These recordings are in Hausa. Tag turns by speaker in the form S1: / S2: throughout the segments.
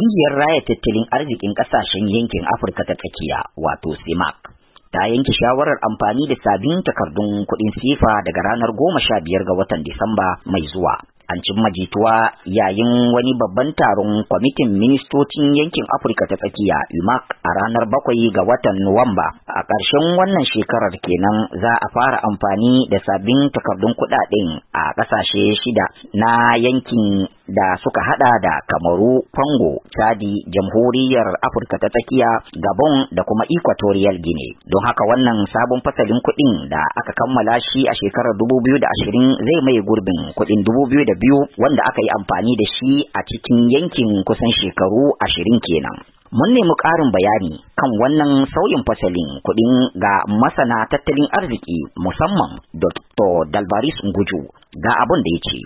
S1: Ƙungiyar Raya Tattalin Arzikin Ƙasashen Yankin Afirka ta Tsakiya, wato CIMAC, ta yanke shawarar amfani da sabbin takardun kuɗin sifa daga ranar goma sha biyar ga watan Disamba mai zuwa. An cimma jituwa yayin wani babban taron kwamitin ministocin yankin Afirka ta tsakiya UMAC a ranar bakwai ga watan Nuwamba a ƙarshen wannan shekarar kenan za a fara amfani da sabbin takardun kuɗaɗen a ƙasashe shida na yankin da suka hada da kamaru fango chadi jamhuriyar afirka ta tsakiya gabon da kuma equatorial guinea don haka wannan sabon fasalin kuɗin da aka kammala shi a shekarar 2020 zai mai gurbin kuɗin 2002 wanda aka yi amfani da shi a cikin yankin kusan shekaru 20 kenan mun nemi ƙarin bayani kan wannan sauyin fasalin kuɗin ga masana tattalin arziki musamman dr dalbaris nguju ga abin da ya ce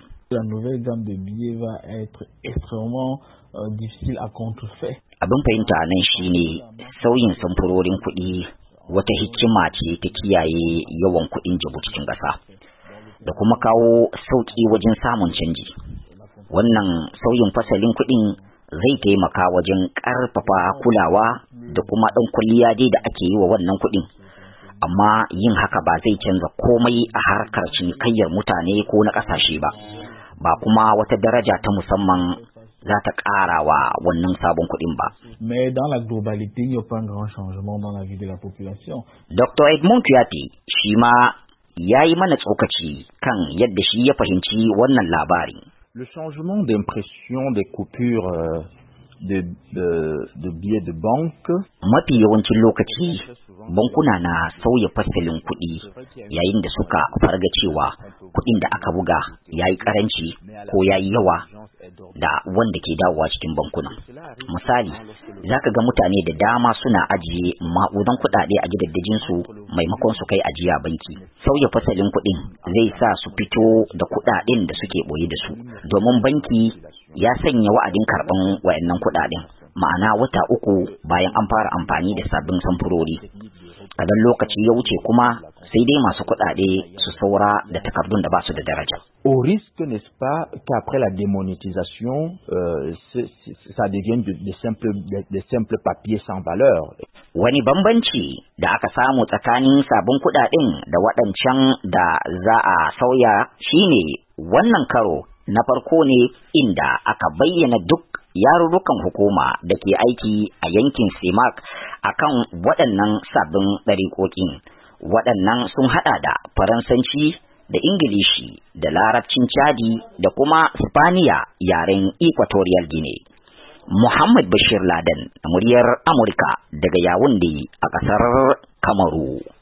S1: euh, abin fahimta nan shine sauyin samfurorin kuɗi wata hikima ce ta kiyaye yawan kuɗin jabu cikin ƙasa da kuma kawo sauƙi wajen samun canji wannan sauyin fasalin kuɗin zai taimaka wajen ƙarfafa kulawa da kuma ɗan kwalliya dai da ake yi wa wannan kuɗin amma yin haka ba zai canza komai a harkar cinikayyar mutane ko na ƙasashe ba ba kuma wata daraja ta musamman za ta ƙara wa wannan sabon kuɗin ba. la globalité, pas un grand changement dans population. Dr. Edmond Kuyati shi ma ya yi mana tsokaci kan yadda shi ya fahimci wannan labarin. Le changement d'impression des coupures euh, de, de, de billets de banque. Mafi yawancin lokaci bankuna na sauya fasalin kuɗi yayin da suka farga cewa kuɗin da aka buga ya yi ƙaranci ko ya yi yawa da wanda ke dawowa cikin bankuna misali za ka ga mutane da dama suna ajiye ma'udan kuɗaɗe a su maimakon su kai ajiya banki sauya fasalin kuɗin zai sa su fito da kuɗaɗen da suke ɓoye da su domin banki ya sanya wa'adin karɓan wayannan kuɗaɗen ma'ana wata uku bayan an fara amfani da sabbin samfurori kadan lokaci ya wuce kuma sai dai masu kuɗaɗe su saura da takardun da ba su da daraja. Au risque, n'est-ce pas, qu'après la démonétisation, euh, ça devient de, de, simples, sans valeur. Wani bambanci da aka samu tsakanin sabon kuɗaɗen da waɗancan da za a sauya shi ne wannan karo na farko ne inda aka bayyana duk yarurrukan hukuma da ke aiki a yankin a kan waɗannan sabbin ɗariƙoƙin. waɗannan sun haɗa da faransanci da ingilishi da larabcin chadi da kuma spaniya yaren equatorial guinea muhammad bashir laden muryar amurka daga yawun a ƙasar kamaru